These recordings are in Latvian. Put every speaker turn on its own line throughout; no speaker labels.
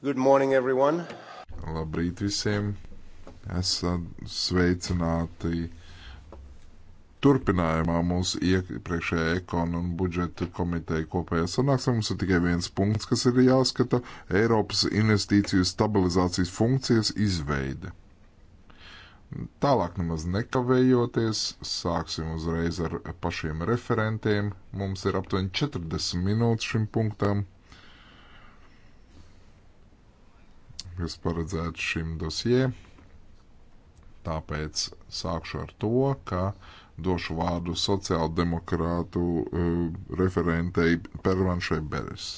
Good morning, everyone.
Labrīt visiem. Esat sveicināti turpinājumā mūsu iepriekšējā ekonu un budžeta komiteja kopējā sanāksmē. Mums ir tikai viens punkts, kas ir jāskata - Eiropas investīciju stabilizācijas funkcijas izveide. Tālāk nemaz nekavējoties, sāksim uzreiz ar pašiem referentiem. Mums ir aptuveni 40 minūtes šim punktam. kas paredzēts šim dosijai. Tāpēc sākšu ar to, ka došu vārdu sociāldemokrātu uh, referentei Pervanšai Beres.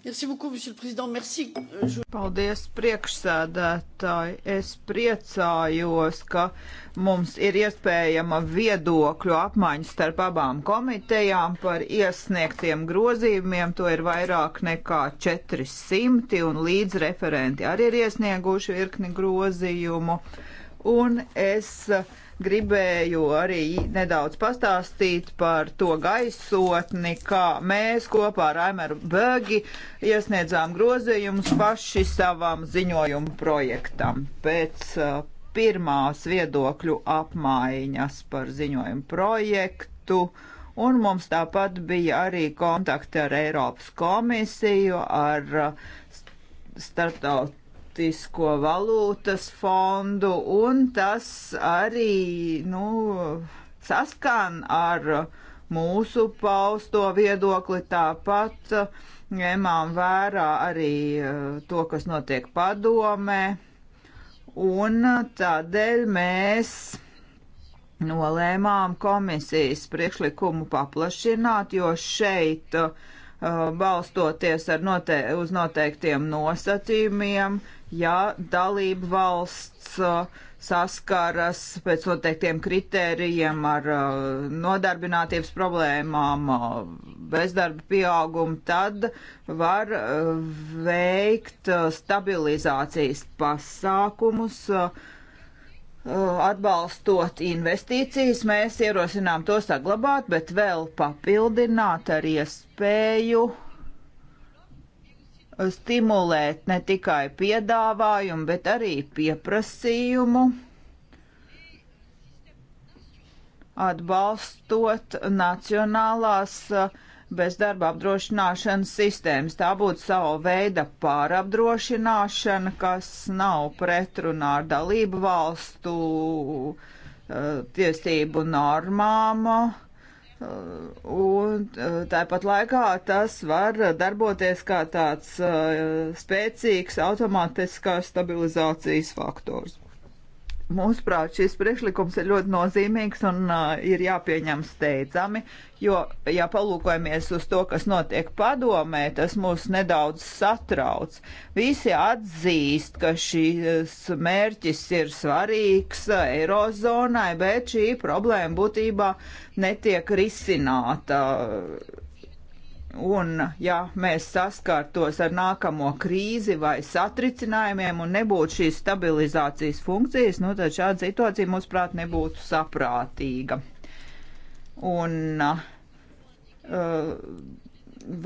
Euh, Paldies, priekšsēdētāji. Es priecājos, ka mums ir iespējama viedokļu apmaiņa starp abām komitejām par iesniegtiem grozījumiem. To ir vairāk nekā 400, un līdz referenti arī ir iesnieguši virkni grozījumu. Un es uh, gribēju arī nedaudz pastāstīt par to gaisotni, kā mēs kopā ar Aimeru Bēgi iesniedzām grozījumus paši savam ziņojumu projektam. Pēc uh, pirmās viedokļu apmaiņas par ziņojumu projektu. Un mums tāpat bija arī kontakti ar Eiropas komisiju, ar uh, starptaut, starptautisko valūtas fondu, un tas arī, nu, saskan ar mūsu pausto viedokli tāpat, ņemām vērā arī eh, to, kas notiek padomē, un tādēļ mēs nolēmām komisijas priekšlikumu paplašināt, jo šeit uh, balstoties note uz noteiktiem nosacījumiem, ja dalība valsts uh, saskaras pēc noteiktiem kritērijiem ar uh, nodarbinātības problēmām, uh, bezdarba pieaugumu, tad var veikt stabilizācijas pasākumus. Atbalstot investīcijas, mēs ierosinām to saglabāt, bet vēl papildināt ar iespēju uh, stimulēt ne tikai piedāvājumu, bet arī pieprasījumu, atbalstot nacionālās uh, bezdarba apdrošināšanas sistēmas. Tā būtu sava veida pārapdrošināšana, kas nav pretrunā ar dalību valstu uh, tiesību normām. Uh, Un e, tāpat laikā tas var darboties kā tāds e, spēcīgs automātiskās stabilizācijas faktors. Mūsuprāt, šis priekšlikums ir ļoti nozīmīgs un uh, ir jāpieņem steidzami, jo, ja palūkojamies uz to, kas notiek padomē, tas mūs nedaudz satrauc. Visi atzīst, ka šis mērķis ir svarīgs Eirozonai, bet šī problēma būtībā netiek risināta Un, ja mēs saskārtos ar nākamo krīzi vai satricinājumiem un nebūtu šīs stabilizācijas funkcijas, nu, tad šāda situācija, mūsuprāt, nebūtu saprātīga. Un uh,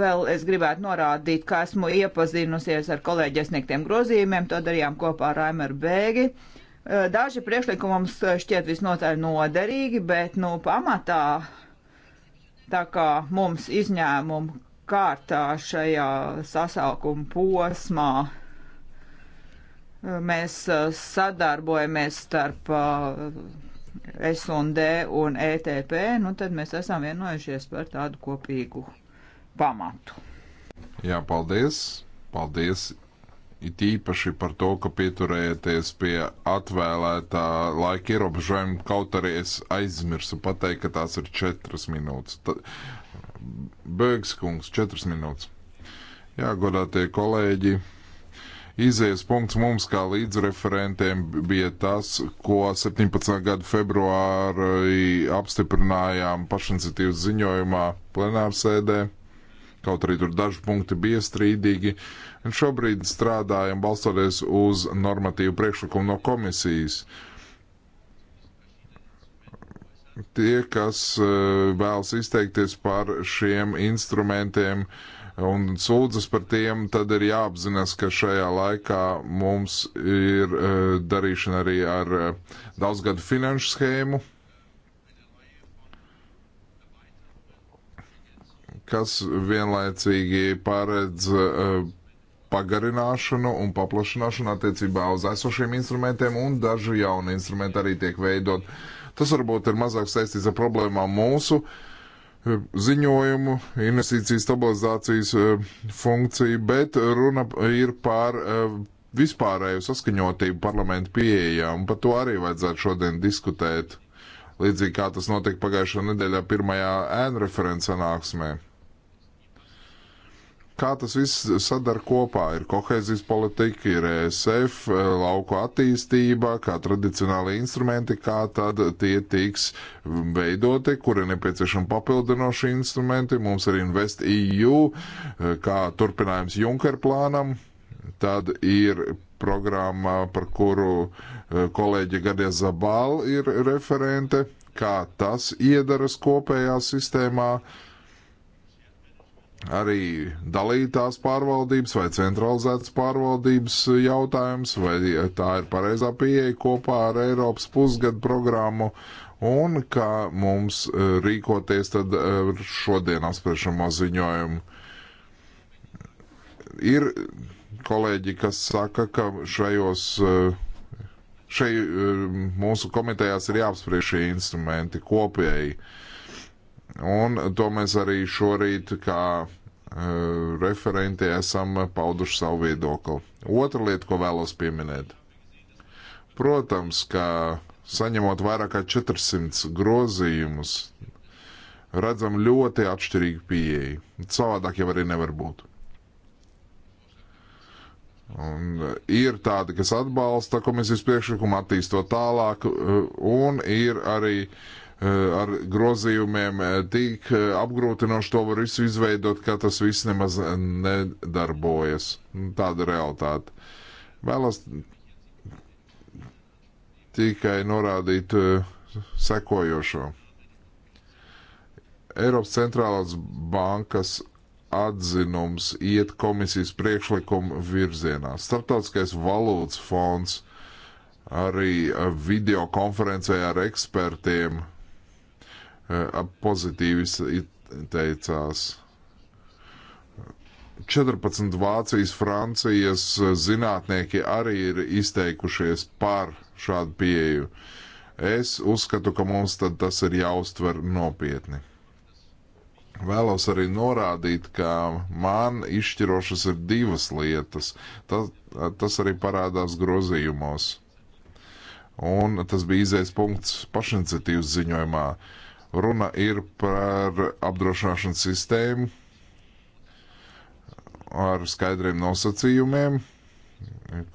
vēl es gribētu norādīt, ka esmu iepazinusies ar kolēģi iesniegtiem grozījumiem, to darījām kopā ar Raimeru Bēgi. Uh, daži priekšlikumi mums uh, šķiet visnotaļ noderīgi, bet, nu, pamatā Tā kā mums izņēmumu kārtā šajā sasaukuma posmā eh, mēs eh, sadarbojamies starp eh, S&D un ETP, nu tad mēs esam vienojušies par tādu kopīgu pamatu.
Jā, paldies! Paldies It īpaši par to, ka pieturējieties pie atvēlētā laika ierobežojuma, kaut arī es aizmirsu pateikt, ka tās ir četras minūtes. Tad... Bēgs kungs, četras minūtes. Jā, godātie kolēģi, izējas punkts mums kā līdzreferentiem bija tas, ko 17. gada februārī apstiprinājām pašiniciatīvas ziņojumā plenārsēdē. sēdē Kaut arī tur daži punkti bija strīdīgi. Un šobrīd strādājam balstoties uz normatīvu priekšlikumu no komisijas. Tie, kas e, vēlas izteikties par šiem instrumentiem, uh, un sūdzas par tiem, tad ir jāapzinās, ka šajā laikā mums ir e, darīšana arī ar e, daudzgadu finanšu schēmu. kas vienlaicīgi paredz eh, pagarināšanu un paplašināšanu attiecībā uz esošiem instrumentiem, un daži jauni instrumenti arī tiek veidot. Tas varbūt ir mazāk saistīts ar problēmām mūsu eh, ziņojumu, investīciju stabilizācijas eh, funkciju, bet runa ir par vispārēju saskaņotību parlamentu pieejā, un par to arī vajadzētu šodien diskutēt, līdzīgi kā tas notika pagājušā nedēļā pirmajā ēnu referents sanāksmē kā tas viss sadar kopā. Ir kohēzijas politika, ir ESF, e, lauku attīstība, kā tradicionāli instrumenti, kā tad tie tiks veidoti, kur ir nepieciešami papildinoši instrumenti. Mums ir Invest EU, e, kā turpinājums Junker plānam. Tad ir programma, par kuru e, kolēģi Gadie Zabal ir referente, kā tas iedaras kopējā sistēmā. Uh, arī dalītās pārvaldības vai centralizētas pārvaldības jautājums, vai tā ir pareizā pieeja kopā ar Eiropas pusgadu programmu, un kā mums eh, rīkoties tad eh, šodien apspriešamo ziņojumu. Ir kolēģi, kas saka, ka šajos eh, šeit mūsu komitejās ir jāapspriež šie instrumenti kopēji. Uh, Un to mēs arī šorīt, kā e, referenti, esam pauduši savu viedokli. Otra lieta, ko vēlos pieminēt. Protams, ka saņemot vairāk kā 400 grozījumus, redzam ļoti atšķirīgu pieeju. Savādāk jau arī nevar būt. Un ir tādi, kas atbalsta komisijas priekšlikumu, attīstot tālāk, e, un ir arī uh, Eh, ar grozījumiem eh, tik eh, apgrūtinoši to var visu izveidot, ka tas viss nemaz nedarbojas. Nu, tāda realitāte. Vēlos tikai norādīt sekojošo. Eiropas centrālās bankas atzinums iet komisijas priekšlikuma virzienā. Startautiskais valūtas fonds arī video konferencē ar ekspertiem pozitīvi teicās. 14 Vācijas, Francijas zinātnieki arī ir izteikušies par šādu pieeju. Es uzskatu, ka mums tad tas ir jāuztver nopietni. Vēlos arī norādīt, ka man izšķirošas ir divas lietas. Tas, tas arī parādās grozījumos. Un tas bija izējas punkts pašiniciatīvas ziņojumā. Uh, Runa ir par apdrošināšanas sistēmu ar skaidriem nosacījumiem,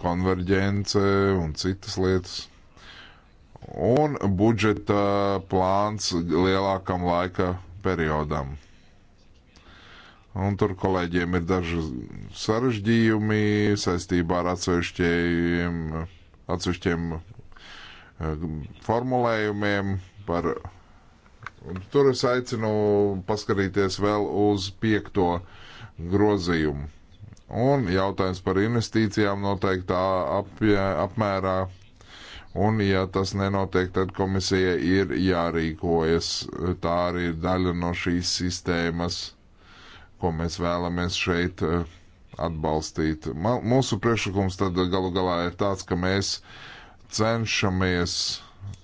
konverģence un citas lietas. Un budžeta plāns lielākam laika periodam. Un tur kolēģiem ir daži sarežģījumi saistībā ar atsevišķiem, atsevišķiem eh, formulējumiem par Un tur es aicinu paskatīties vēl uz piekto grozījumu. Un jautājums par investīcijām noteiktā ap, apmērā. Un, ja tas nenotiek, tad komisija ir jārīkojas. Tā arī ir daļa no šīs sistēmas, ko mēs vēlamies šeit eh, atbalstīt. Mūsu priekšlikums tad galu galā ir tāds, ka mēs cenšamies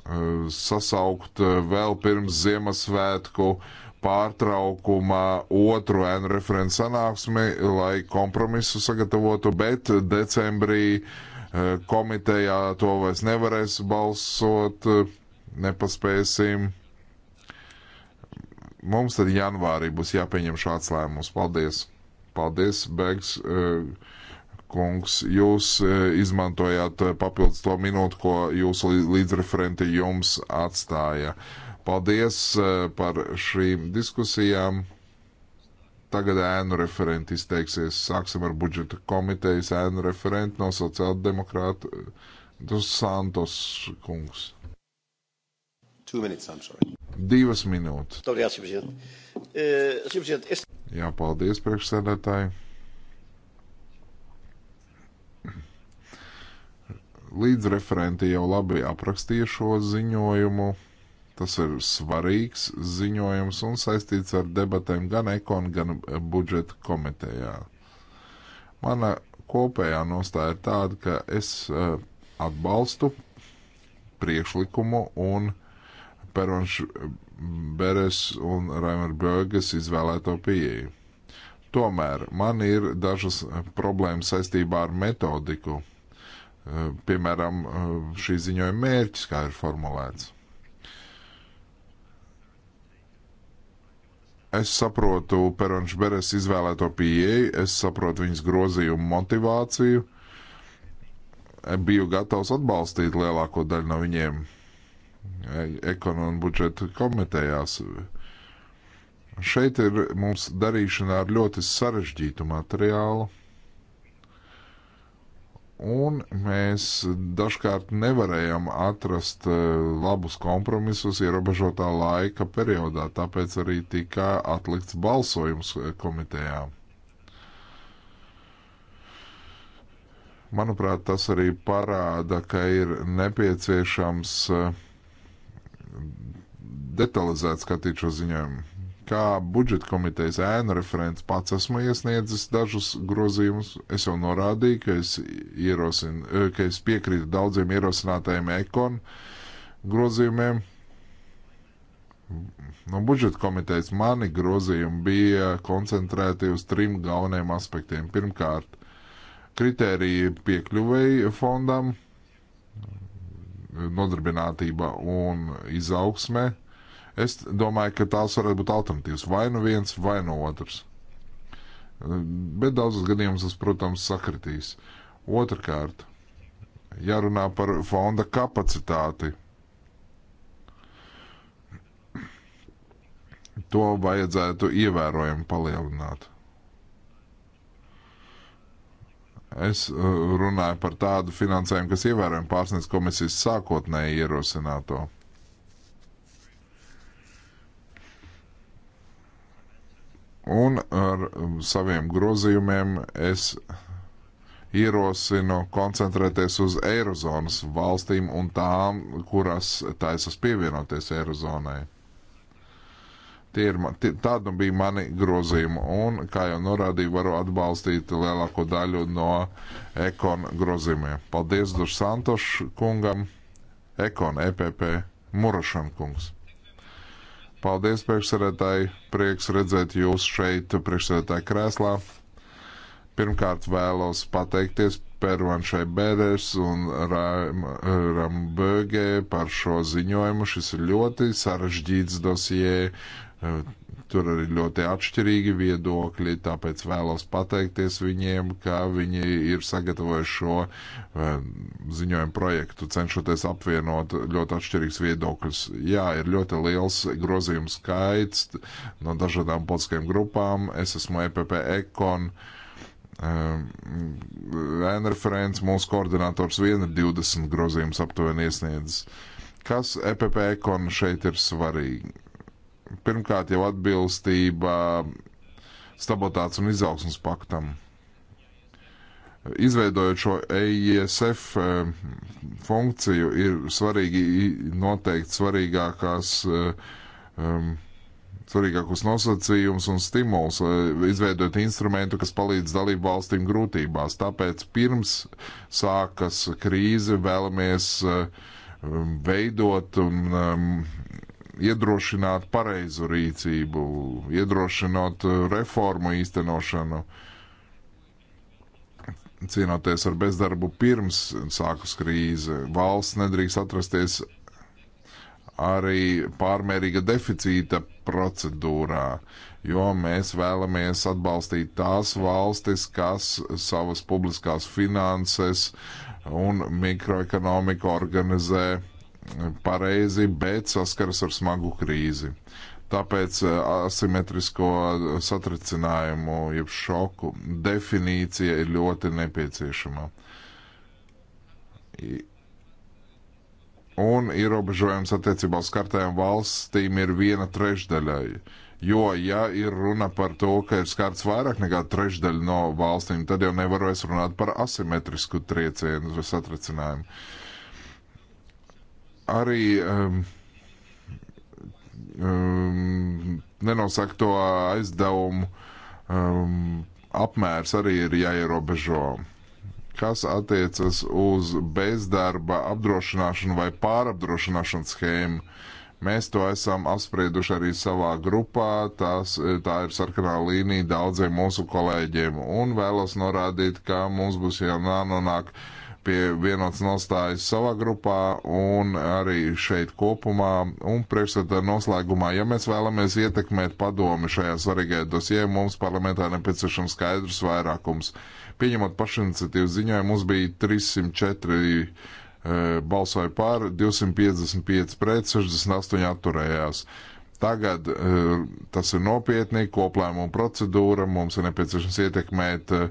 Eh, sasaukt eh, vēl pirms Ziemassvētku pārtraukuma otru N referents sanāksmi, lai kompromisu sagatavotu, bet decembrī eh, komitejā to vairs nevarēs balsot, nepaspēsim. Mums tad janvārī būs jāpieņem šāds lēmums. Paldies! Paldies, Begs! Uh, kungs, jūs e, izmantojāt papildus to minūtu, ko jūsu līdzreferenti jums atstāja. Paldies e, par šīm diskusijām. Tagad ēnu referenti izteiksies. Sāksim ar budžeta komitejas ēnu referenti no sociāldemokrāta e, Dos Santos kungs. Minutes, Divas minūtes.
Eh,
Jā, paldies priekšsēdētāji. Līdzreferenti jau labi aprakstīja šo ziņojumu. Tas ir svarīgs ziņojums un saistīts ar debatēm gan ekon, gan budžeta komitejā. Mana kopējā nostāja ir tāda, ka es uh, atbalstu priekšlikumu un Peronš Beres un Raimer Bögas izvēlēto pieeju. Tomēr man ir dažas problēmas saistībā ar metodiku, Eh, piemēram, eh, šī ziņojuma mērķis, kā ir formulēts. Es saprotu Peronš Beres izvēlēto pieeju, es saprotu viņas grozījumu motivāciju. Eh, biju gatavs atbalstīt lielāko daļu no viņiem ekonomikas un budžeta komitejās. Šeit ir mums darīšana ar ļoti sarežģītu materiālu un mēs dažkārt nevarējam atrast e, labus kompromisus ierobežotā laika periodā, tāpēc arī tika atlikts balsojums e, komitejā. Manuprāt, tas arī parāda, ka ir nepieciešams e, detalizēt skatīt šo ziņojumu. Kā budžeta komitejas ēnu referents pats esmu iesniedzis dažus grozījumus. Es jau norādīju, ka es, ierosin, e, ka es piekrītu daudziem ierosinātajiem ekon grozījumiem. No budžeta komitejas mani grozījumi bija koncentrēti uz trim galveniem aspektiem. Pirmkārt, kritērija piekļuvēja fondam, nodarbinātība un izaugsme, Es domāju, ka tās varētu būt alternatīvas. Vai nu viens, vai nu otrs. Bet daudzos gadījumos tas, protams, sakritīs. Otrakārt, jārunā par fonda kapacitāti. To vajadzētu ievērojami palielināt. Es uh, runāju par tādu finansējumu, kas ievērojami pārsniedz komisijas sākotnēji ierosināto. Un ar um, saviem grozījumiem es ierosinu koncentrēties uz Eirozonas valstīm un tām, kuras taisas pievienoties Eirozonai. Tie ir, tie, tāda nu bija mani grozījuma, un, kā jau norādīju, varu atbalstīt lielāko daļu no ekona grozījumiem. Paldies Dušs Santošs kungam, ekona EPP Murašan kungs. Paldies, priekšsēdētāji. Prieks redzēt jūs šeit, priekšsēdētāji krēslā. Pirmkārt vēlos pateikties Pervanšai Bēres un Rambögē par šo ziņojumu. Šis ir ļoti sarežģīts dosie, Tur arī ļoti atšķirīgi viedokļi, tāpēc vēlos pateikties viņiem, ka viņi ir sagatavojuši šo eh, ziņojumu projektu, cenšoties apvienot ļoti atšķirīgs viedokļus. Jā, ir ļoti liels grozījums skaits no dažādām politiskajām grupām. Es esmu EPP Ekon. Vēnreferents eh, mūsu koordinators vien ir 20 grozījums aptuveni iesniedzis. Kas EPP Ekon šeit ir svarīgi? pirmkārt jau atbilstība stabilitātes un izaugsmas paktam. Izveidojot šo EISF eh, funkciju, ir svarīgi noteikt svarīgākās, um, svarīgākos nosacījumus un stimulus, eh, izveidot instrumentu, kas palīdz dalību valstīm grūtībās. Tāpēc pirms sākas krīze vēlamies um, veidot un um, iedrošināt pareizu rīcību, iedrošinot uh, reformu īstenošanu, cīnoties ar bezdarbu pirms sākus krīze. Valsts nedrīkst atrasties arī pārmērīga deficīta procedūrā, jo mēs vēlamies atbalstīt tās valstis, kas savas publiskās finanses un mikroekonomiku organizē pareizi, bet saskaras ar smagu krīzi. Tāpēc eh, asimetrisko satricinājumu, jeb šoku definīcija ir ļoti nepieciešama. Un ierobežojums attiecībā uz kartējām valstīm ir viena trešdaļai. Jo, ja ir runa par to, ka ir skarts vairāk nekā trešdaļa no valstīm, tad jau nevar vairs runāt par asimetrisku triecienu vai satricinājumu. Uh, arī um, um, nenosaka to aizdevumu um, apmērs arī ir jāierobežo. Kas attiecas uz bezdarba apdrošināšanu vai pārapdrošināšanas schēmu, mēs to esam apsprieduši arī savā grupā. Tās, tā ir sarkanā līnija daudziem mūsu kolēģiem. Un vēlos norādīt, ka mums būs jānonāk. Ja pie vienotas nostājas savā grupā un arī šeit kopumā. Un priekšsēdētāji noslēgumā, ja mēs vēlamies ietekmēt padomi šajā svarīgajā dosijā, mums parlamentā nepieciešams skaidrs vairākums. Pieņemot pašiniciatīvu ziņojumu, mums bija 304 e, eh, balsoja pār, 255 pret, 68 atturējās. Tagad e, tas ir nopietni, koplēmuma procedūra, mums ir nepieciešams ietekmēt e,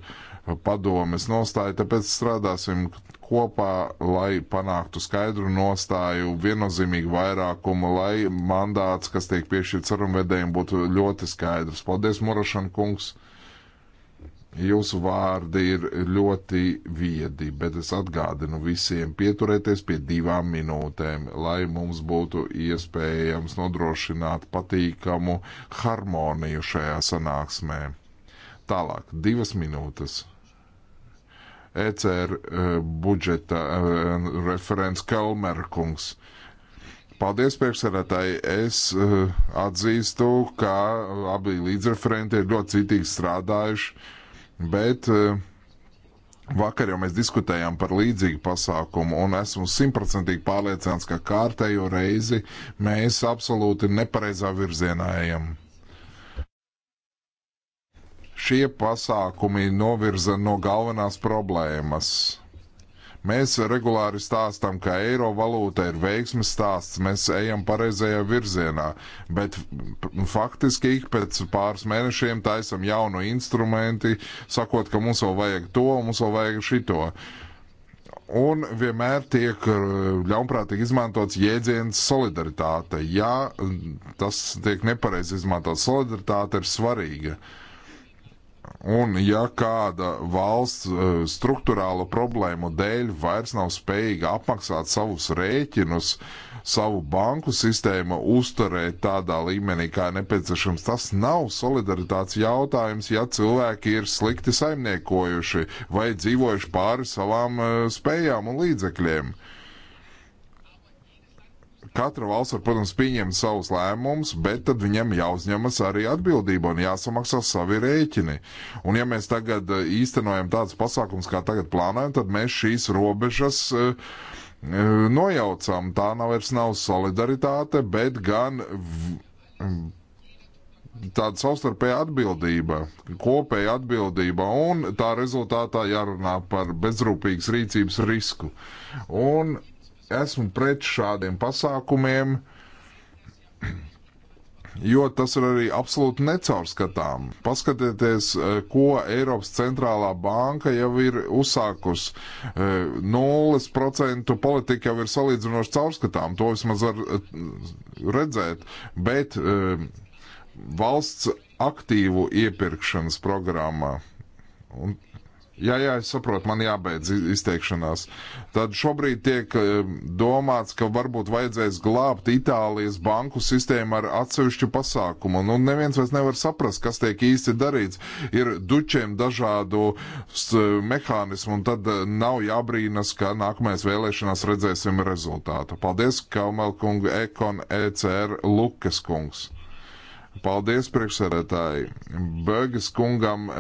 padomes nostāju, tāpēc strādāsim kopā, lai panāktu skaidru nostāju, viennozīmīgu vairākumu, lai mandāts, kas tiek piešķirts sarunvedējiem, būtu ļoti skaidrs. Paldies, Murašana kungs! Jūsu vārdi ir ļoti viedi, bet es atgādinu visiem pieturēties pie divām minūtēm, lai mums būtu iespējams nodrošināt patīkamu harmoniju šajā sanāksmē. Tālāk, divas minūtes. ECR e, budžeta e, referents Kalmerkungs. Paldies, priekšsēdētāji. Es e, atzīstu, ka abi līdzreferenti ir ļoti citīgi strādājuši, bet Vakar jau mēs diskutējām par līdzīgu pasākumu, un esmu simtprocentīgi pārliecināts, ka kārtējo reizi mēs absolūti nepareizā virzienā ejam. Šie pasākumi novirza no galvenās problēmas. Mēs regulāri stāstām, ka eiro valūta ir veiksmes stāsts, mēs ejam pareizajā virzienā, bet faktiski ik pēc pāris mēnešiem taisam jaunu instrumenti, sakot, ka mums vēl vajag to, mums vēl vajag šito. Un vienmēr tiek eh, ļaunprātīgi izmantots jēdziens solidaritāte. Jā, tas tiek nepareizi izmantots. Solidaritāte ir svarīga. Uh, Un ja kāda valsts eh, struktūrālu problēmu dēļ vairs nav spējīga apmaksāt savus rēķinus, savu banku sistēmu uzturēt tādā līmenī, kā nepieciešams, tas nav solidaritātes jautājums, ja cilvēki ir slikti saimniekojuši vai dzīvojuši pāri savām eh, spējām un līdzekļiem. Uh, Katra valsts var, protams, pieņemt savus lēmumus, bet tad viņam jāuzņemas arī atbildība un jāsamaksā savi rēķini. Un ja mēs tagad eh, īstenojam tādus pasākums, kā tagad plānojam, tad mēs šīs robežas eh, eh, nojaucam. Tā nav vairs nav solidaritāte, bet gan tāda savstarpēja atbildība, kopēja atbildība, un tā rezultātā jārunā par bezrūpīgas rīcības risku. Un esmu pret šādiem pasākumiem, jo tas ir arī absolūti necaurskatām. Paskatieties, eh, ko Eiropas centrālā banka jau ir uzsākus. Eh, nulles procentu politika jau ir salīdzinoši caurskatām, to vismaz var eh, redzēt, bet valsts aktīvu iepirkšanas programmā. Un Jā, jā, es saprotu, man jābeidz izteikšanās. Tad šobrīd tiek eh, domāts, ka varbūt vajadzēs glābt Itālijas banku sistēmu ar atsevišķu pasākumu. Nu, neviens vairs nevar saprast, kas tiek īsti darīts. Ir dučiem dažādu mehānismu, un tad eh, nav jābrīnas, ka nākamais vēlēšanās redzēsim rezultātu. Paldies, Kaumelkunga, Ekon, ECR, Lukas kungs. Paldies, priekšsēdētāji. Bēgas kungam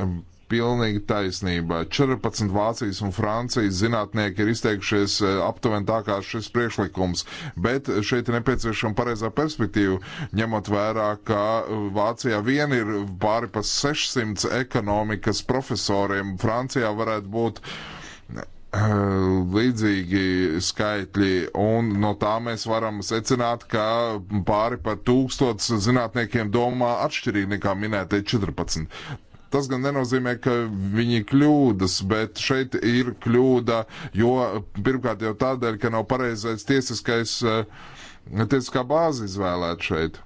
pilnīgi taisnība. 14 Vācijas un Francijas zinātnieki ir izteikušies eh, aptuveni tā kā šis priekšlikums, bet šeit ir nepieciešama pareizā perspektīva, ņemot vērā, ka eh, Vācijā vien ir pāri pa 600 ekonomikas profesoriem, Francijā varētu būt eh, līdzīgi skaitļi, un no tā mēs varam secināt, ka pāri par tūkstots zinātniekiem domā atšķirīgi nekā minētie 14. Tas gan nenozīmē, ka viņi kļūdas, bet šeit ir kļūda, jo pirmkārt jau tādēļ, ka nav pareizais tiesiskais, eh, tiesiskā bāze izvēlēt šeit.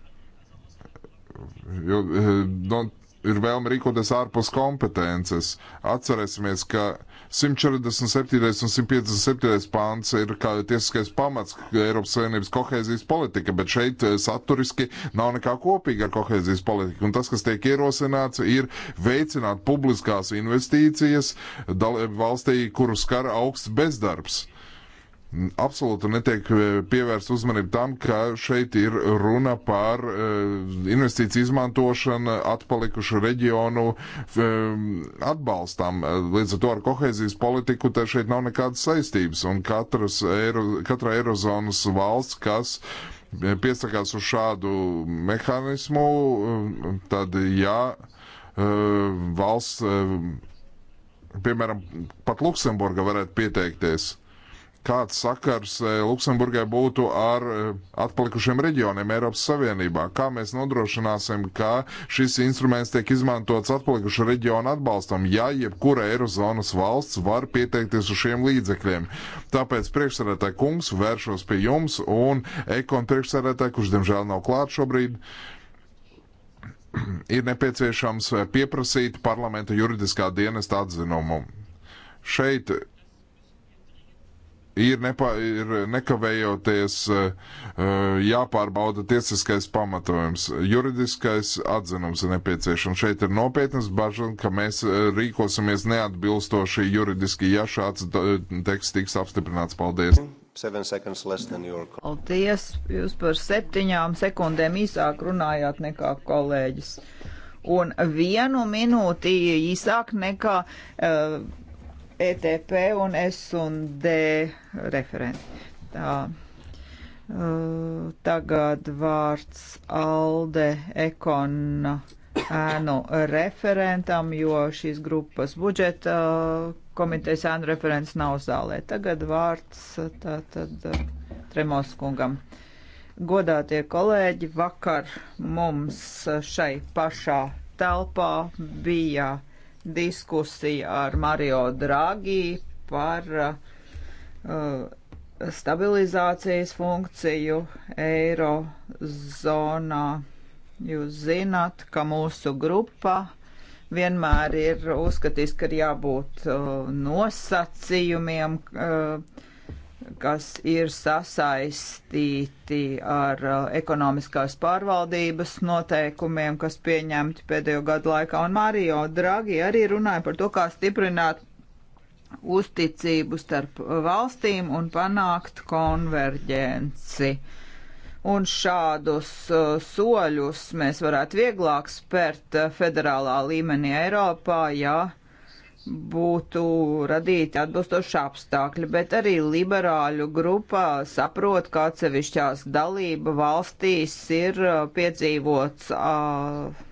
Jo, eh, no, ir vēlme rīkoties ārpus kompetences. Atcerēsimies, ka 147. un 157. pāns ir kā tiesiskais pamats Eiropas Savienības kohēzijas politika, bet šeit eh, saturiski nav nekā kopīga ar kohēzijas politiku. Un tas, kas tiek ierosināts, ir veicināt publiskās investīcijas valstī, kuru skar augsts bezdarbs. Absolūti netiek e, pievērsta uzmanība tam, ka šeit ir runa par e, investīciju izmantošanu atpalikušu reģionu e, atbalstam. Līdz ar to ar kohēzijas politiku te šeit nav nekādas saistības. Un katras, eiro, katra eirozonas valsts, kas piesakās uz šādu mehānismu, tad jā, valsts, piemēram, pat Luksemburga varētu pieteikties kāds sakars eh, Luksemburgai būtu ar eh, atpalikušiem reģioniem Eiropas Savienībā. Kā mēs nodrošināsim, ka šis instruments tiek izmantots atpalikušu reģionu atbalstam, ja jebkura Eirozonas valsts var pieteikties uz šiem līdzekļiem. Tāpēc priekšsarētāji kungs vēršos pie jums un ekon priekšsarētāji, kurš diemžēl nav klāt šobrīd. Ir nepieciešams eh, pieprasīt parlamenta juridiskā dienesta atzinumu. Šeit ir, nepa, ir nekavējoties eh, eh, jāpārbauda tiesiskais pamatojums. Juridiskais atzinums ir nepieciešams. Šeit ir nopietnas bažas, ka mēs eh, rīkosimies neatbilstoši juridiski, ja šāds teksts tiks apstiprināts. Paldies!
Paldies! Jūs par septiņām sekundēm īsāk runājāt nekā kolēģis. Un vienu minūti īsāk nekā. Uh, ETP un S un D referenti. Tā. Uh, tagad vārds Alde Ekona uh, ēnu referentam, jo šīs grupas budžeta uh, komitejas ēnu referents nav zālē. Tagad vārds tātad Tremos kungam. Godātie kolēģi, vakar mums šai pašā telpā bija diskusija ar Mario Draghi par uh, stabilizācijas funkciju eiro zonā. Jūs zināt, ka mūsu grupa vienmēr ir uzskatījis, ka ir jābūt uh, nosacījumiem. Uh, kas ir sasaistīti ar uh, ekonomiskās pārvaldības noteikumiem, kas pieņemti pēdējo gadu laikā. Un Mario Dragi arī runāja par to, kā stiprināt uzticību starp valstīm un panākt konverģenci. Un šādus uh, soļus mēs varētu vieglāk spērt uh, federālā līmenī Eiropā, ja būtu radīti atbilstoši apstākļi, bet arī liberāļu grupā saprot, ka atsevišķās dalība valstīs ir uh, piedzīvots uh,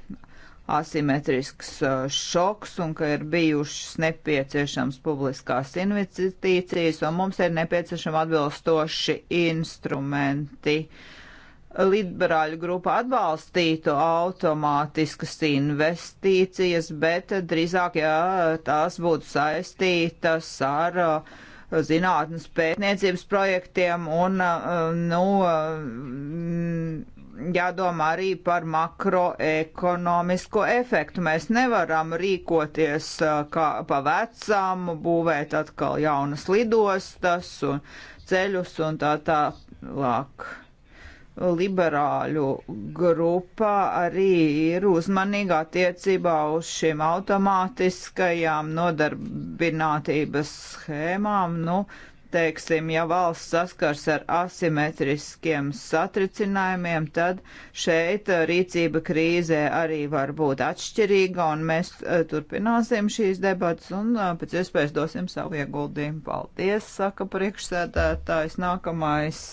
asimetrisks uh, šoks un ka ir bijušas nepieciešams publiskās investīcijas un mums ir nepieciešami atbilstoši instrumenti. Uh, liberāļu grupa atbalstītu automātiskas investīcijas, bet drīzāk, ja tās būtu saistītas ar uh, zinātnes pētniecības projektiem un, uh, nu, mm, jādomā arī par makroekonomisko efektu. Mēs nevaram rīkoties uh, kā pa vecam, būvēt atkal jaunas lidostas un ceļus un tā tālāk liberāļu grupa arī ir uzmanīga attiecībā uz šīm automātiskajām nodarbinātības schēmām. Nu, teiksim, ja valsts saskars ar asimetriskiem satricinājumiem, tad šeit rīcība krīzē arī var būt atšķirīga, un mēs e, turpināsim šīs debatas un e, pēc iespējas dosim savu ieguldījumu. Paldies, saka priekšsēdētājs nākamais.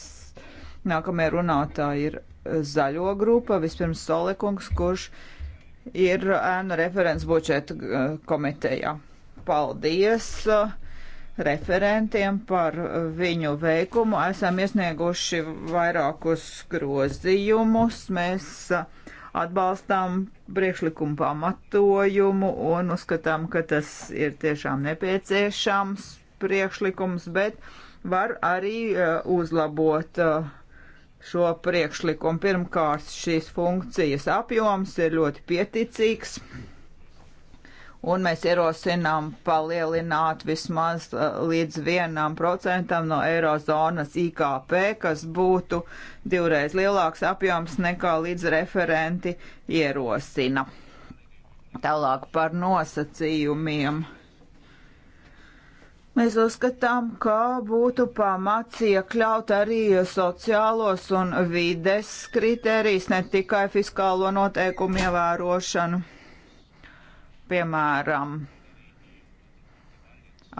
Nākamajā runātāja ir eh, zaļo grupa, vispirms Solekungs, kurš ir ēna eh, nu, referents budžeta eh, komitejā. Paldies! referentiem par viņu veikumu. Esam iesnieguši vairākus grozījumus. Mēs atbalstām priekšlikumu pamatojumu un uzskatām, ka tas ir tiešām nepieciešams priekšlikums, bet var arī uzlabot uh, šo priekšlikumu. Pirmkārt, šīs funkcijas apjoms ir ļoti pieticīgs, un mēs ierosinām palielināt vismaz eh, līdz vienam procentam no eirozonas IKP, kas būtu divreiz lielāks apjoms nekā līdz referenti ierosina. Tālāk par nosacījumiem Mēs uzskatām, ka būtu pamats iekļaut arī sociālos un vides kritērijas, ne tikai fiskālo noteikumu ievērošanu. Piemēram,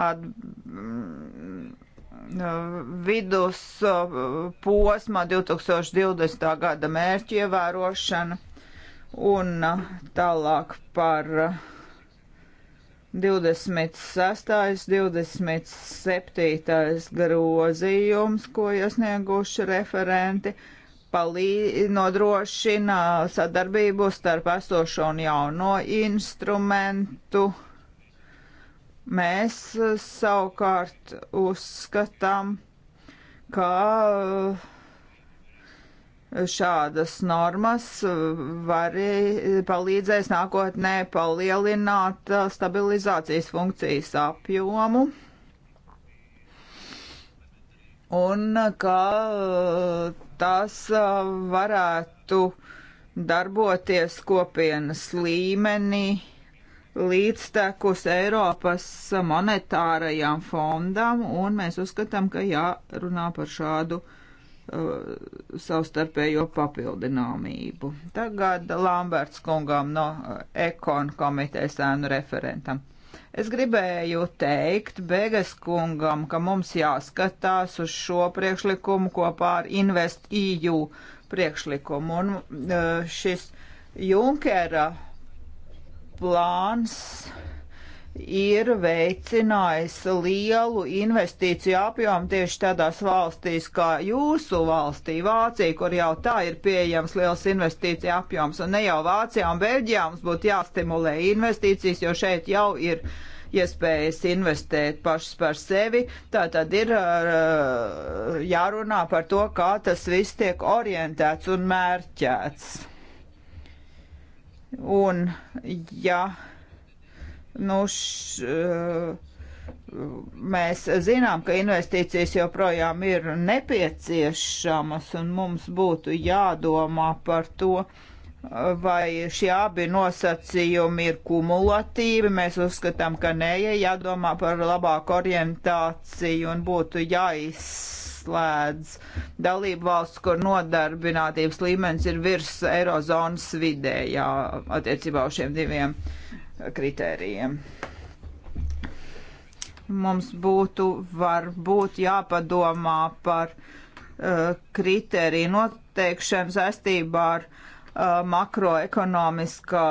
at, mm, nu, vidus uh, posma 2020. gada mērķi ievērošana un uh, tālāk par uh, 26. 27. grozījums, ko iesnieguši referenti, nodrošina sadarbību starp esošo un jauno instrumentu. Mēs savukārt uzskatām, ka uh, šādas normas eh, varēja palīdzēs nākotnē palielināt eh, stabilizācijas funkcijas apjomu. Un eh, ka tas varētu darboties kopienas līmenī līdztekus Eiropas monetārajām fondam, un mēs uzskatām, ka jārunā par šādu uh, Uh, savstarpējo papildināmību. Tagad Lamberts kungam no uh, Ekon komitejas ēnu referentam. Es gribēju teikt Begas kungam, ka mums jāskatās uz šo priekšlikumu kopā ar Invest EU priekšlikumu. Un uh, šis Junkera plāns ir veicinājis lielu investīciju apjomu tieši tādās valstīs kā jūsu valstī, Vācija, kur jau tā ir pieejams liels investīcija apjoms. Un ne jau Vācijā un Beļģijā mums būtu jāstimulē investīcijas, jo šeit jau ir iespējas investēt pašas par sevi. Tā tad ir jārunā par to, kā tas viss tiek orientēts un mērķēts. Un, ja Nu, š, eh, mēs zinām, ka investīcijas joprojām ir nepieciešamas, un mums būtu jādomā par to, vai šie abi nosacījumi ir kumulatīvi. Mēs uzskatām, ka nē, ja jādomā par labāku orientāciju un būtu jāizslēdz dalību valsts, kur nodarbinātības līmenis ir virs eirozonas vidējā attiecībā uz šiem diviem kritērijiem. Mums būtu varbūt jāpadomā par uh, kritēriju noteikšanu saistībā ar uh, makroekonomiskā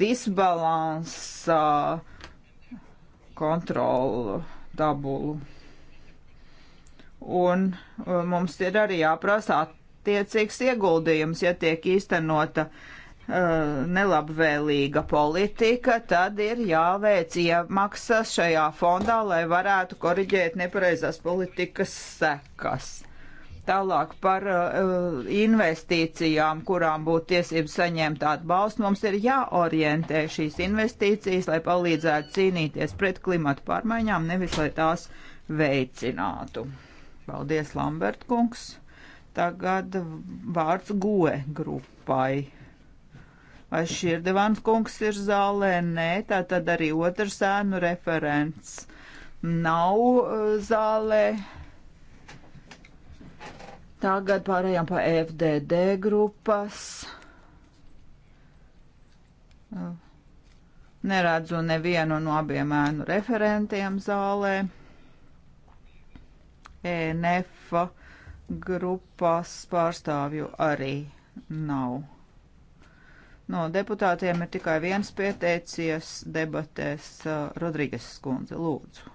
disbalansa uh, kontrolu tabulu. Un uh, mums ir arī jāprasa attiecīgs ieguldījums, ja tiek īstenota uh, Uh, nelabvēlīga politika, tad ir jāveic iemaksas šajā fondā, lai varētu koriģēt nepareizās politikas sekas. Tālāk par uh, investīcijām, kurām būtu tiesības saņemt atbalstu, mums ir jāorientē šīs investīcijas, lai palīdzētu cīnīties pret klimatu pārmaiņām, nevis lai tās veicinātu. Paldies, Lambert kungs. Tagad vārds GOE grupai. Vai Širdevans kungs ir zālē? Nē, tā tad arī otrs ēnu referents nav e, zālē. Tagad pārējām pa FDD grupas. E, neredzu nevienu no abiem ēnu referentiem zālē. ENF grupas pārstāvju arī nav no deputātiem ir tikai viens pieteicies debatēs uh, Rodrīgas skundze. Lūdzu.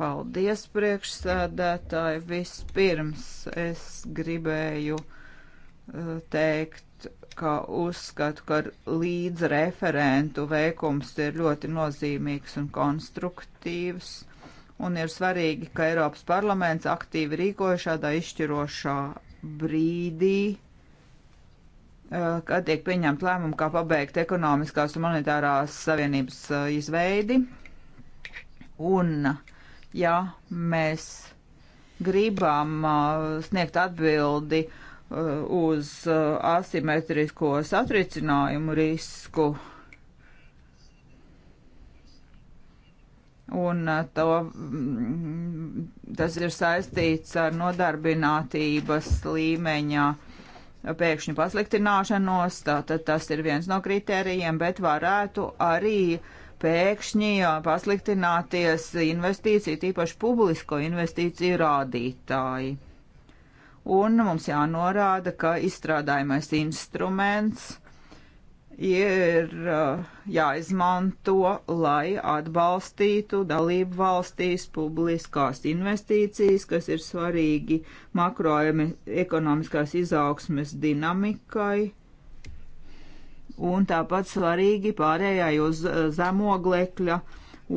Paldies, priekšsēdētāji. Vispirms es gribēju uh, teikt, ka uzskatu, ka līdzreferentu veikums ir ļoti nozīmīgs un konstruktīvs, un ir svarīgi, ka Eiropas parlaments aktīvi rīkoja šādā izšķirošā brīdī Eh, kad tiek pieņemt lēmumu, kā pabeigt ekonomiskās un monetārās savienības eh, izveidi. Un, ja mēs gribam eh, sniegt atbildi uz asimetrisko satricinājumu risku, un to, mm, tas ir saistīts ar nodarbinātības līmeņa uh, pēkšņu pasliktināšanos, tātad tas ir viens no kritērijiem, bet varētu arī pēkšņi pasliktināties investīcija, tīpaši publisko investīciju rādītāji. Un mums jānorāda, ka izstrādājumais instruments ir uh, jāizmanto, lai atbalstītu dalību valstīs publiskās investīcijas, kas ir svarīgi makroekonomiskās izaugsmes dinamikai. Un tāpat svarīgi pārējai uz uh, zemoglekļa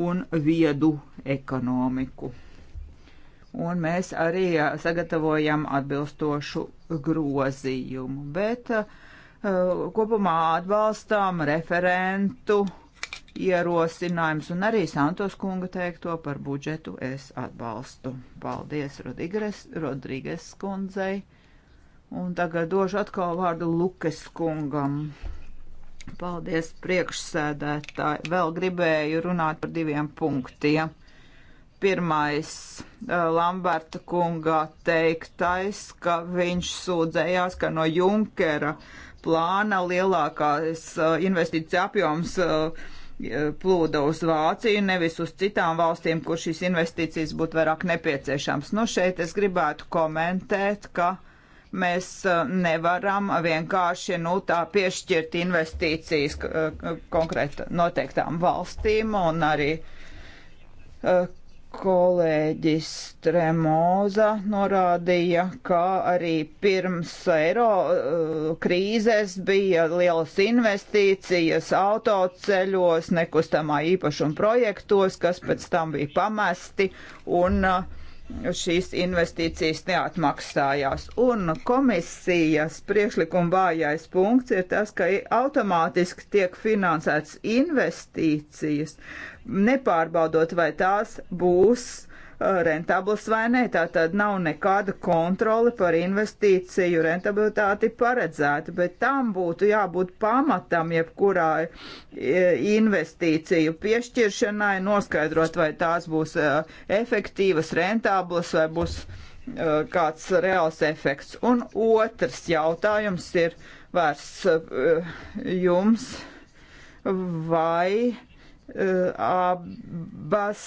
un viedu ekonomiku. Un mēs arī uh, sagatavojam atbilstošu grozījumu. Bet uh, Eh, kopumā atbalstām referentu ierosinājums un arī Santos kunga teikto par budžetu es atbalstu. Paldies Rodrīgas, Rodrīgas kundzei. Un tagad došu atkal vārdu Lukas kungam. Paldies priekšsēdētāji. Vēl gribēju runāt par diviem punktiem. Pirmais eh, Lamberta kungā teiktais, ka viņš sūdzējās, ka no Junkera uh, plāna lielākās uh, investīcija apjoms uh, e, plūda uz Vāciju, nevis uz citām valstīm, kur šīs investīcijas būtu vairāk nepieciešams. Nu, šeit es gribētu komentēt, ka mēs uh, nevaram vienkārši nu, tā piešķirt investīcijas konkrēti noteiktām valstīm un arī kolēģis Tremoza norādīja, ka arī pirms eiro eh, krīzes bija lielas investīcijas autoceļos, nekustamā īpašuma projektos, kas pēc tam bija pamesti un eh, šīs investīcijas neatmaksājās. Un komisijas priekšlikuma vājais punkts ir tas, ka automātiski tiek finansēts investīcijas, uh, nepārbaudot, vai tās būs uh, rentablas vai nē. Tātad nav nekāda kontrole par investīciju rentabilitāti paredzēta, bet tam būtu jābūt pamatam jebkurā e, investīciju piešķiršanai, noskaidrot, vai tās būs e, efektīvas, rentablas vai būs e, kāds reāls efekts. Un otrs jautājums ir vērsts jums, vai uh, abas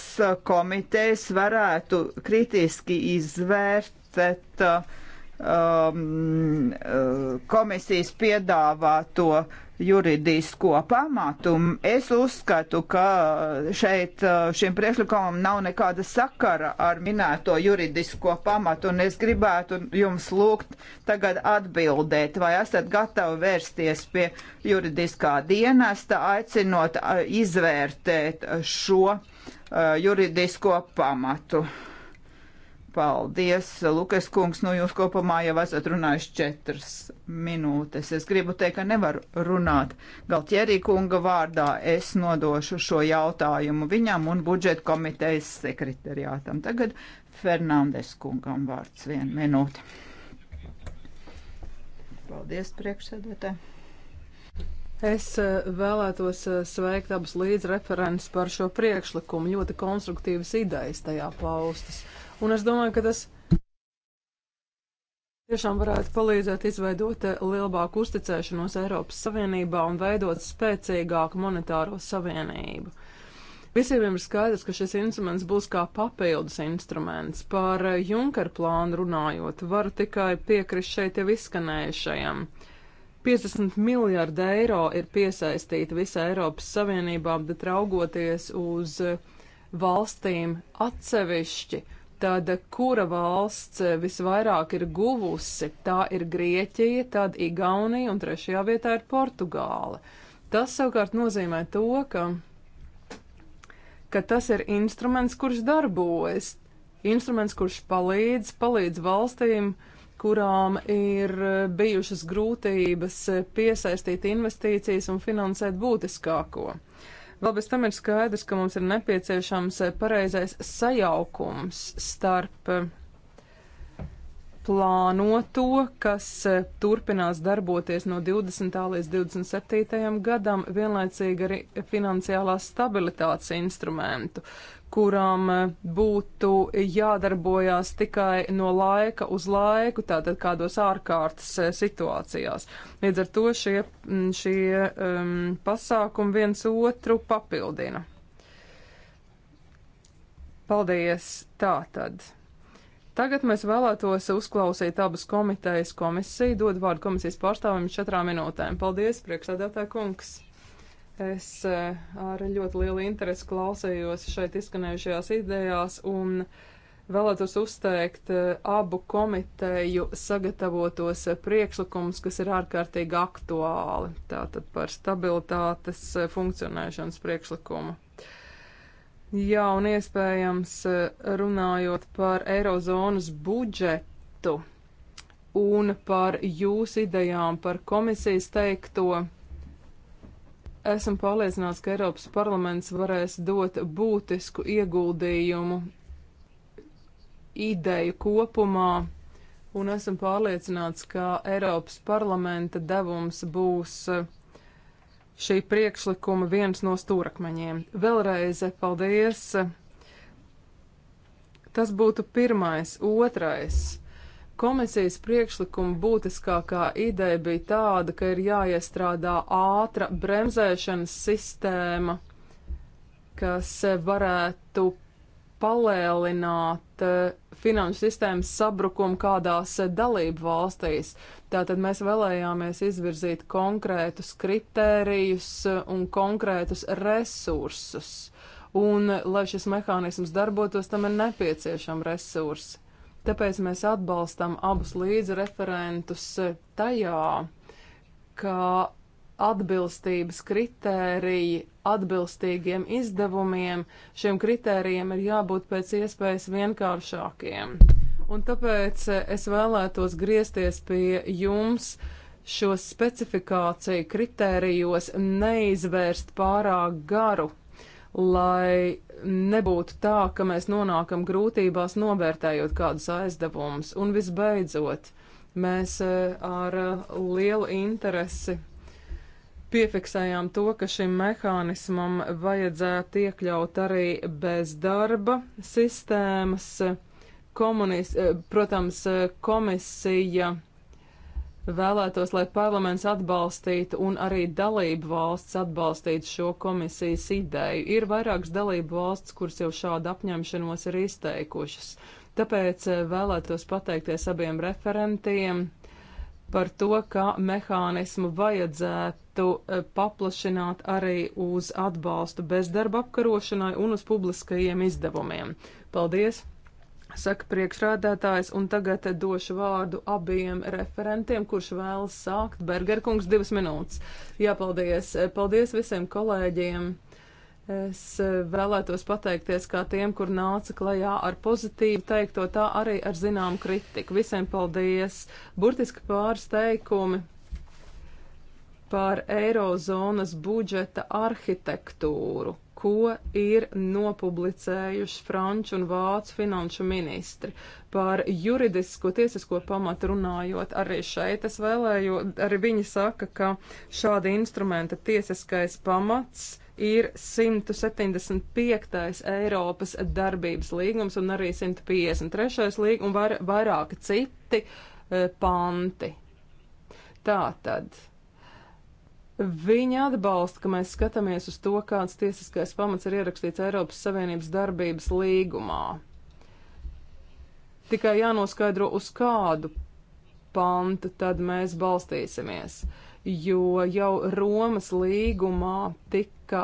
komitejas varētu kritiski izvērtēt um, komisijas piedāvāto juridisko pamatu. Es uzskatu, ka šeit uh, šim priekšlikumam nav nekāda sakara ar minēto juridisko pamatu, un es gribētu jums lūgt tagad atbildēt, vai esat gatavi vērsties pie juridiskā dienesta, aicinot uh, izvērtēt šo uh, juridisko pamatu. Paldies, Lukas kungs, nu jūs kopumā jau esat runājuši četras minūtes. Es gribu teikt, ka nevaru runāt. Galtjerī kunga vārdā es nodošu šo jautājumu viņam un budžeta komitejas sekretariātam. Tagad Fernandes kungam vārds vienu minūti.
Paldies, priekšsēdētāji. Es eh, vēlētos eh, sveikt abus līdzreferents par šo priekšlikumu, ļoti konstruktīvas idejas tajā paustas. Un es domāju, ka tas tiešām varētu palīdzēt izveidot eh, lielāku uzticēšanos Eiropas Savienībā un veidot spēcīgāku monetāro savienību. Visiem ir skaidrs, ka šis instruments būs kā papildus instruments. Par eh, Junkera plānu runājot, varu tikai piekrist šeit jau izskanējušajam. 50 miljārdi eiro ir piesaistīti visā Eiropas Savienībā, bet raugoties uz eh, valstīm atsevišķi, tad kura valsts visvairāk ir guvusi? Tā ir Grieķija, tad Igaunija un trešajā vietā ir Portugāla. Tas savukārt nozīmē to, ka, ka tas ir instruments, kurš darbojas, instruments, kurš palīdz, palīdz valstīm, kurām ir bijušas grūtības piesaistīt investīcijas un finansēt būtiskāko. Uh, Vēl bez tam ir skaidrs, ka mums ir nepieciešams pareizais sajaukums starp eh, plānoto, kas eh, turpinās darboties no 20. līdz 27. gadam, vienlaicīgi arī finansiālās stabilitātes instrumentu kurām būtu jādarbojās tikai no laika uz laiku, tātad kādos ārkārtas eh, situācijās. Līdz ar to šie, šie um, pasākumi viens otru papildina. Paldies! Tātad. Tagad mēs vēlētos uzklausīt abas komitejas komisiju. Dod vārdu komisijas pārstāvim četrām minūtēm. Paldies, priekšsēdētāj kungs! Es eh, ar ļoti lielu interesi klausējos šeit izskanējušajās idejās un vēlētos uzteikt eh, abu komiteju sagatavotos eh, priekšlikumus, kas ir ārkārtīgi aktuāli. Tātad par stabilitātes funkcionēšanas priekšlikumu. Jā, un iespējams runājot par Eirozonas budžetu un par jūsu idejām par komisijas teikto Esam pārliecināts, ka Eiropas parlaments varēs dot būtisku ieguldījumu ideju kopumā, un esam pārliecināts, ka Eiropas parlamenta devums būs šī priekšlikuma viens no stūrakmeņiem. Vēlreiz paldies! Tas būtu pirmais, otrais Komisijas priekšlikuma būtiskākā ideja bija tāda, ka ir jāiestrādā ātra bremzēšanas sistēma, kas varētu palēlināt eh, finanšu sistēmas sabrukumu kādās eh, dalību valstīs. Tātad mēs vēlējāmies izvirzīt konkrētus kritērijus eh, un konkrētus resursus. Un, lai šis mehānisms darbotos, tam ir nepieciešama resursa. Tāpēc mēs atbalstam abus līdzreferentus eh, tajā, ka atbilstības kritēriji atbilstīgiem izdevumiem, šiem kritērijiem ir jābūt pēc iespējas vienkāršākiem. Un tāpēc eh, es vēlētos griezties pie jums šo specifikāciju kritērijos neizvērst pārāk garu lai nebūtu tā, ka mēs nonākam grūtībās novērtējot kādus aizdevumus. Un visbeidzot, mēs e, ar e, lielu interesi piefiksējām to, ka šim mehānismam vajadzētu iekļaut arī bezdarba sistēmas. E, komunis, protams, komisija Vēlētos, lai parlaments atbalstītu un arī dalību valsts atbalstītu šo komisijas ideju. Ir vairākas dalību valsts, kuras jau šādu apņemšanos ir izteikušas. Tāpēc eh, vēlētos pateikties abiem referentiem par to, ka mehānismu vajadzētu eh, paplašināt arī uz atbalstu bezdarba apkarošanai un uz publiskajiem izdevumiem. Paldies! saka priekšrādātājs, un tagad došu vārdu abiem referentiem, kurš vēlas sākt. Bergerkungs, divas minūtes. Jā, paldies. Paldies visiem kolēģiem. Es vēlētos pateikties kā tiem, kur nāca klajā ar pozitīvu teikto, tā arī ar zināmu kritiku. Visiem paldies. Burtiski pāris teikumi par Eirozonas budžeta arhitektūru ko ir nopublicējuši franču un vācu finanšu ministri. Par juridisko tiesisko pamatu runājot, arī šeit es vēlēju, arī viņi saka, ka šāda instrumenta tiesiskais pamats ir 175. Eiropas darbības līgums un arī 153. līgums un var, vairāki citi e, panti. Tātad. Viņa atbalsta, ka mēs skatāmies uz to, kāds tiesiskais pamats ir ierakstīts Eiropas Savienības darbības līgumā. Tikai jānoskaidro, uz kādu pantu tad mēs balstīsimies, jo jau Romas līgumā tika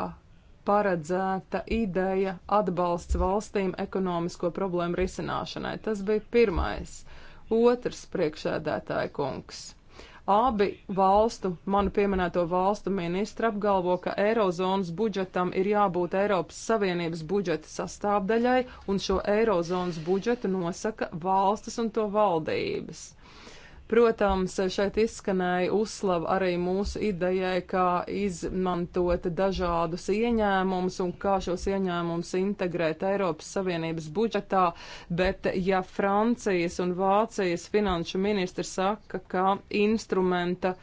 paredzēta ideja atbalsts valstīm ekonomisko problēmu risināšanai. Tas bija pirmais. Otrs priekšēdētāja kungs. Abi valstu, manu pieminēto valstu ministri apgalvo, ka Eirozonas budžetam ir jābūt Eiropas Savienības budžeta sastāvdaļai, un šo Eirozonas budžetu nosaka valstis un to valdības. Protams, šeit izskanēja uzslava arī mūsu idejai, kā izmantot dažādus ieņēmumus un kā šos ieņēmumus integrēt Eiropas Savienības budžetā, bet ja Francijas un Vācijas finanšu ministri saka, ka instrumenta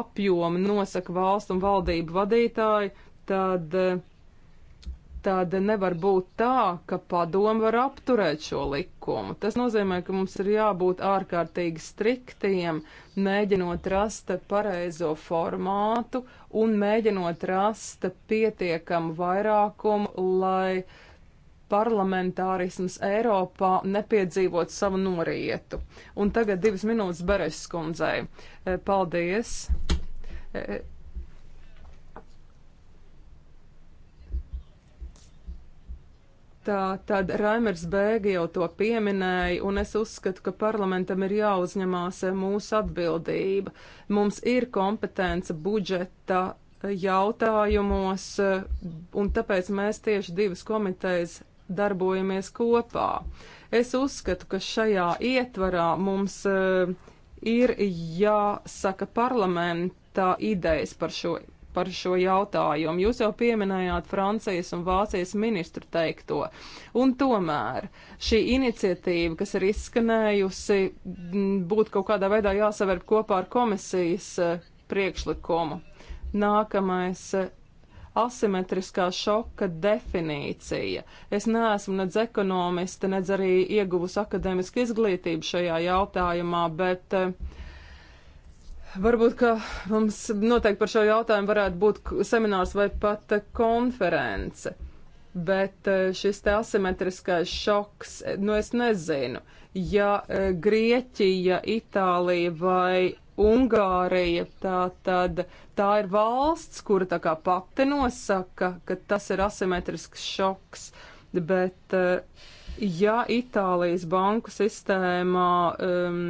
apjomu nosaka valstu un valdību vadītāji, tad uh, tad nevar būt tā, ka padomu var apturēt šo likumu. Tas nozīmē, ka mums ir jābūt ārkārtīgi striktiem, mēģinot rast pareizo formātu un mēģinot rast pietiekamu vairākumu, lai parlamentārisms Eiropā nepiedzīvot savu norietu. Un tagad divas minūtes Beres skundzei. Paldies! Tā tad Raimers Bēgi jau to pieminēja, un es uzskatu, ka parlamentam ir jāuzņemās mūsu atbildība. Mums ir kompetence budžeta jautājumos, un tāpēc mēs tieši divas komitejas darbojamies kopā. Es uzskatu, ka šajā ietvarā mums eh, ir jāsaka parlamenta idejas par šo par šo jautājumu. Jūs jau pieminējāt Francijas un Vācijas ministru teikto. Un tomēr šī iniciatīva, kas ir izskanējusi, būtu kaut kādā veidā jāsaver kopā ar komisijas e, priekšlikumu. Nākamais e, asimetriskā šoka definīcija. Es neesmu nedz ekonomiste, nedz arī ieguvusi akademisku izglītību šajā jautājumā, bet uh, Varbūt, ka mums noteikti par šo jautājumu varētu būt seminārs vai pat eh, konference. Bet eh, šis te asimetriskais šoks, eh, nu es nezinu, ja Grieķija, Itālija vai Ungārija, tā tad tā ir valsts, kura tā kā pati nosaka, ka tas ir asimetrisks šoks. Bet ja Itālijas banku sistēmā. Um,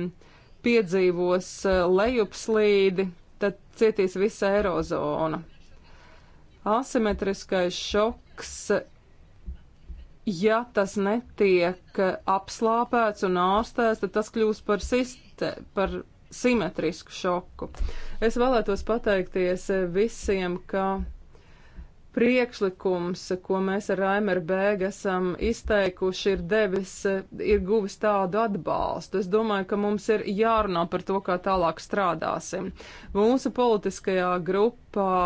piedzīvos eh, lejupslīdi, tad cietīs visa eirozona. Asimetriskais šoks, ja tas netiek apslāpēts un ārstēts, tad tas kļūs par, sistē, par simetrisku šoku. Es vēlētos pateikties eh, visiem, ka priekšlikums, ko mēs ar Raimeru Bēgu esam izteikuši, ir devis, ir guvis tādu atbalstu. Es domāju, ka mums ir jārunā par to, kā tālāk strādāsim. Mūsu politiskajā grupā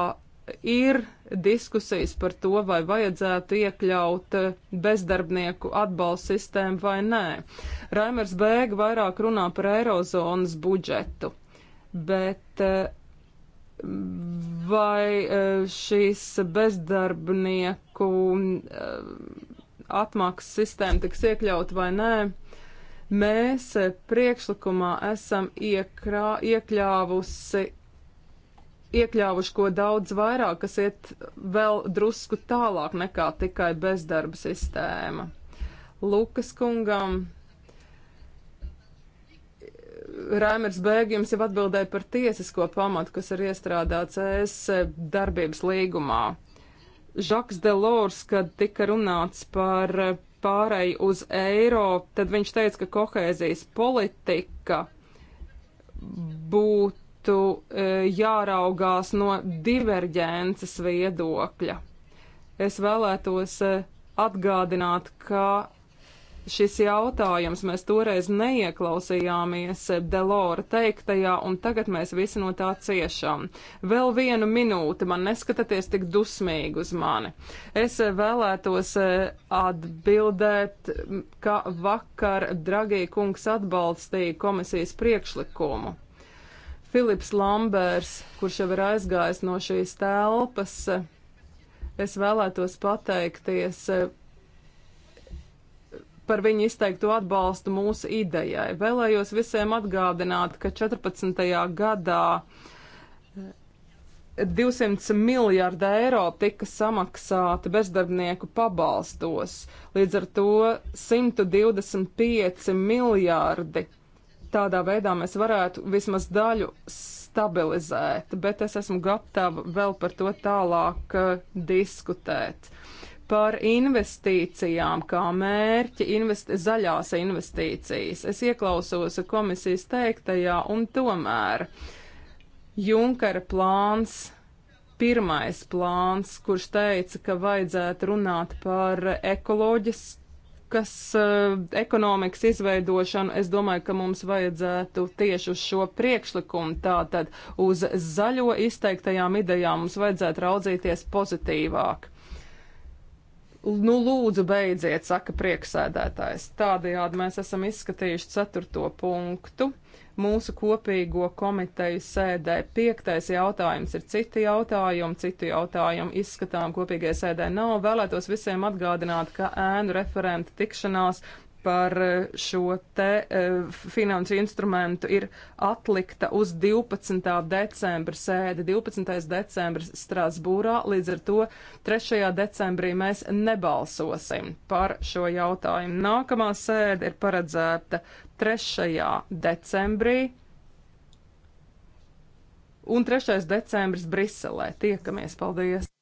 ir diskusijas par to, vai vajadzētu iekļaut bezdarbnieku atbalstu sistēmu vai nē. Raimers Bēga vairāk runā par eirozonas budžetu, bet eh, vai e, šīs bezdarbnieku e, atmaksas sistēma tiks iekļaut vai nē. Mēs e, priekšlikumā esam iekrā, iekļāvusi, iekļāvuši ko daudz vairāk, kas iet vēl drusku tālāk nekā tikai bezdarba sistēma. Lukas kungam Raimers Bēgins jau atbildēja par tiesisko pamatu, kas ir iestrādāts ES darbības līgumā. Žaks Delors, kad tika runāts par pārēju uz eiro, tad viņš teica, ka kohēzijas politika būtu e, jāraugās no diverģences viedokļa. Es vēlētos e, atgādināt, ka šis jautājums. Mēs toreiz neieklausījāmies Delora teiktajā, un tagad mēs visi no tā ciešam. Vēl vienu minūti man neskatieties tik dusmīgi uz mani. Es vēlētos eh, atbildēt, ka vakar Dragī kungs atbalstīja komisijas priekšlikumu. Filips Lambērs, kurš jau ir aizgājis no šīs telpas, eh, es vēlētos pateikties eh, par viņu izteikto atbalstu mūsu idejai. Vēlējos visiem atgādināt, ka 14. gadā 200 eh, miljārdi eiro tika samaksāti bezdarbnieku pabalstos, līdz ar to 125 miljārdi. Tādā veidā mēs varētu vismaz daļu stabilizēt, bet es esmu gatava vēl par to tālāk uh, diskutēt. Uh, par investīcijām kā mērķi investi zaļās investīcijas. Es ieklausos komisijas teiktajā un tomēr Junkara plāns, pirmais plāns, kurš teica, ka vajadzētu runāt par ekoloģiskas uh, ekonomikas izveidošanu, es domāju, ka mums vajadzētu tieši uz šo priekšlikumu, tātad uz zaļo izteiktajām idejām mums vajadzētu raudzīties pozitīvāk. Nu, lūdzu, beidziet, saka prieksēdētājs. Tādējādi mēs esam izskatījuši ceturto punktu. Mūsu kopīgo komiteju sēdē piektais jautājums ir citi jautājumi, citu jautājumu izskatām kopīgajā sēdē nav. Vēlētos visiem atgādināt, ka ēnu referenta tikšanās par eh, šo te eh, finanšu instrumentu ir atlikta uz 12. decembra sēdi, 12. decembris Strasbūrā, līdz ar to 3. decembrī mēs nebalsosim par šo jautājumu. Nākamā sēde ir paredzēta 3. decembrī. Un 3. decembris Briselē. Tiekamies, paldies!